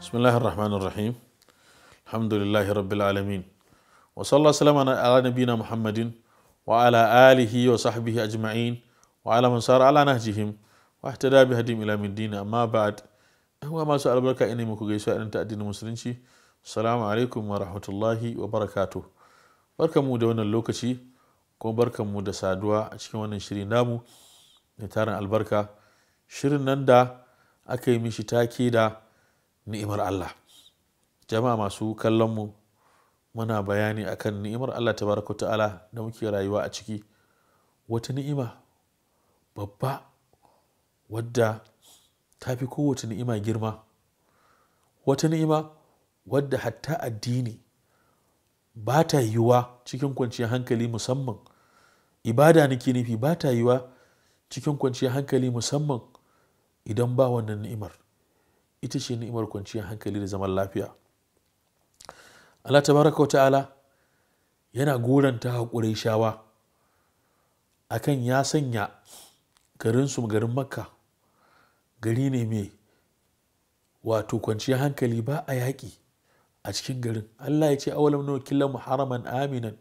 بسم الله الرحمن الرحيم الحمد لله رب العالمين وصلى الله وسلم على نبينا محمد وعلى آله وصحبه أجمعين وعلى من صار على نهجهم واهتدى بهديهم إلى من الدين أما بعد هو ما سؤال بركة إني مكو جيسا أن تأدين المسلمين السلام عليكم ورحمة الله وبركاته بركة مودة وانا اللوكتي كون بركة مودة سادوا أشكي وانا شري نامو نتارن البركة شرين نندا أكي مشي تاكيدا ni'imar Allah jama'a masu kallonmu muna bayani akan ni'imar Allah tabaraka ta'ala da muke rayuwa a ciki wata ni'ima babba wadda ta fi kowace ni'ima girma wata ni'ima wadda hatta addini ba ta yiwuwa cikin kwanciyar hankali musamman ibada nake nufi ba ta yiwuwa cikin kwanciyar hankali musamman idan ba wannan ni'imar ita ce ni'imar kwanciyar hankali da zaman lafiya Allah tabaraka wa ta'ala yana goranta haƙurai shawa akan ya sanya garinsu garin makka gari ne mai wato kwanciyar hankali ba a yaƙi a cikin garin Allah ya ce awalam na wakilan haraman aminan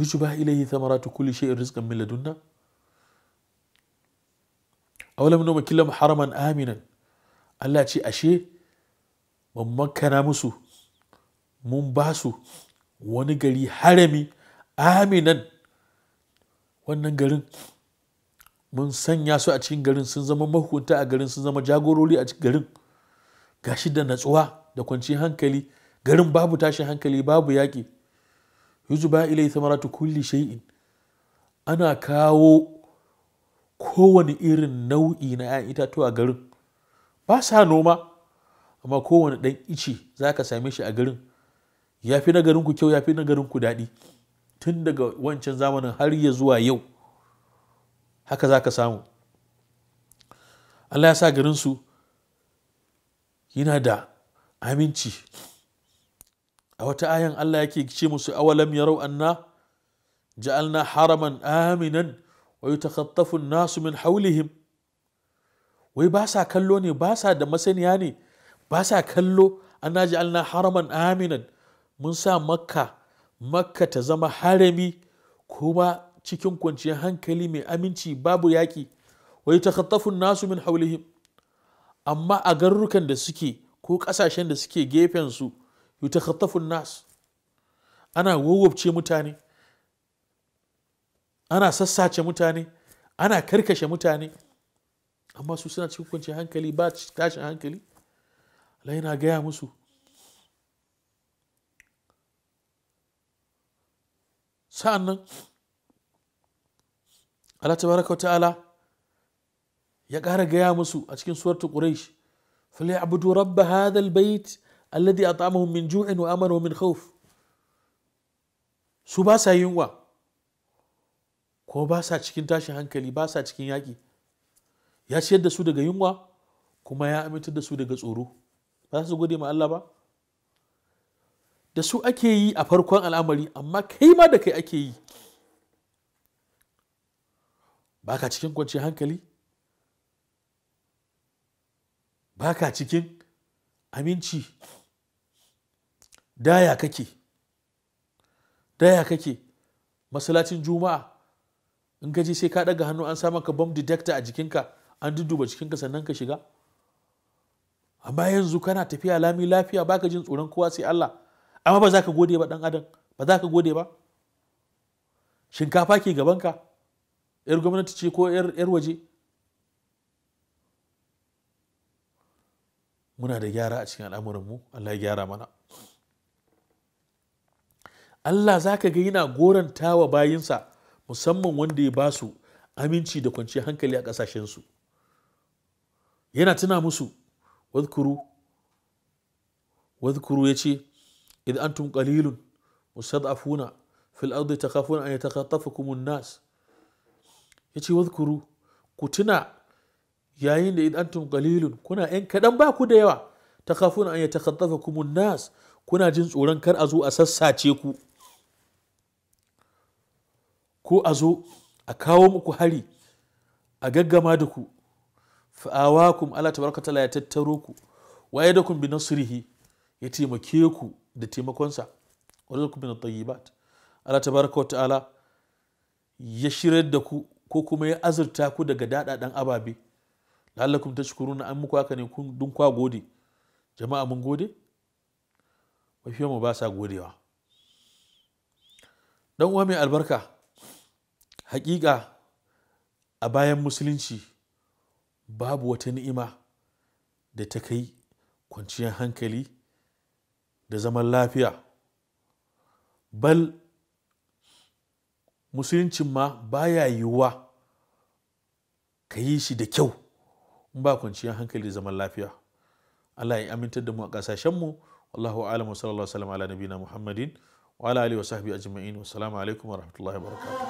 yuci ba ilahi samaratu kulli shay'in rizqan min ladunna awalam na wakilan haraman aminan Allah ce ashe ban makana musu mun ba su wani gari harami aminan wannan garin mun sanya su a cikin garin sun zama mahukunta a garin sun zama jagorori a cikin garin gashi da natsuwa da kwanci hankali garin babu tashin hankali babu yaƙi Yuzuba ilai samaratu kulli shay'in ana kawo kowane irin nau'i na 'ya'yan itatuwa garin ba sa noma amma kowane ɗan ice za ka same shi a garin ya fi na garinku kyau ya fi na garinku daɗi tun daga wancan zamanin har ya zuwa yau haka za ka samu allah ya sa garinsu yana da aminci a wata ayan allah yake ce musu awalam yarau anna ja'alna haraman aminan wa yutakhatafu nasu min hawlihim wai ba sa kallo ne ba sa da masaniya ne ba sa kallo an naji alna haraman aminan mun sa makka makka ta zama harami kuma cikin kwanciyar hankali mai aminci babu yaƙi wai ta nasu min haulihim amma a garurukan da suke ko ƙasashen da suke gefensu yi ta nasu ana wawwabce mutane ana sassace mutane ana karkashe mutane amma su suna cikin kwanciyar hankali ba tashin hankali Allah yana gaya musu sa'an nan Allah tabaraka wa ta'ala ya ƙara gaya musu a cikin suwarta ƙuraish fali abudu rabba hadha albayt alladhi at'amahum min ju'in wa amanahum min khawf su ba sa yunwa ko ba sa cikin tashin hankali ba sa cikin yaƙi ya ciyar da su daga yunwa kuma ya amintar da su daga tsoro ba su gode ma Allah ba da su ake yi a farkon al'amari amma kai ma da kai ake yi ba ka cikin kwanciyar hankali ba ka cikin aminci daya kake daya kake masallacin juma'a in ka je sai ka ɗaga hannu an sa ka bomb detector a jikinka an dudduba cikinka sannan ka shiga amma yanzu kana tafiya lami lafiya ba ka jin tsoron kowa sai Allah amma ba za ka gode ba dan adam ba za ka gode ba shinkafa ke gabanka yar gwamnati ce ko yar waje muna da gyara a cikin al'amuranmu Allah ya gyara mana Allah za ka ga yana goranta wa bayinsa musamman wanda ya ba su aminci da kwanciyar hankali a ƙasashensu. su yana tuna musu wadkuru wadkuru ya ce idan an kalilun musad afuna fil ardi kafuna an yi ta kafa an-nas ya ce wadkuru ku tuna yayin da idan tun kalilun kuna yan kadan ba ku da yawa ta kafuna an yi ta kafa an-nas kuna jin tsoron kar a zo a sassace ku ko a zo a kawo muku hari a gaggama da ku fa'awakum Allah tabaraka ta'ala ya tattaro ku wa yadakum bi nasrihi ya taimake ku da taimakonsa wa yadakum min tayyibat Allah tabaraka ta'ala ya shirar da ku ko kuma ya azurta ku daga dan ababe la'allakum tashkuruna an muku haka ne kun dun kwa gode jama'a mun gode mafi mu ba sa godewa dan uwa mai albarka hakika a bayan musulunci babu wata ni'ima da ta kai kwanciyar hankali da zaman lafiya bal musuluncin ma baya yiwuwa ka yi shi da kyau in ba kwanciyar hankali da zaman lafiya Allah ya amintar da mu a ƙasashenmu wallahu a'lam wa sallallahu ala wa ala nabiyina muhammadin wa ala alihi wa sahbihi ajma'in wa salamu alaikum wa rahmatullahi wa barakatuh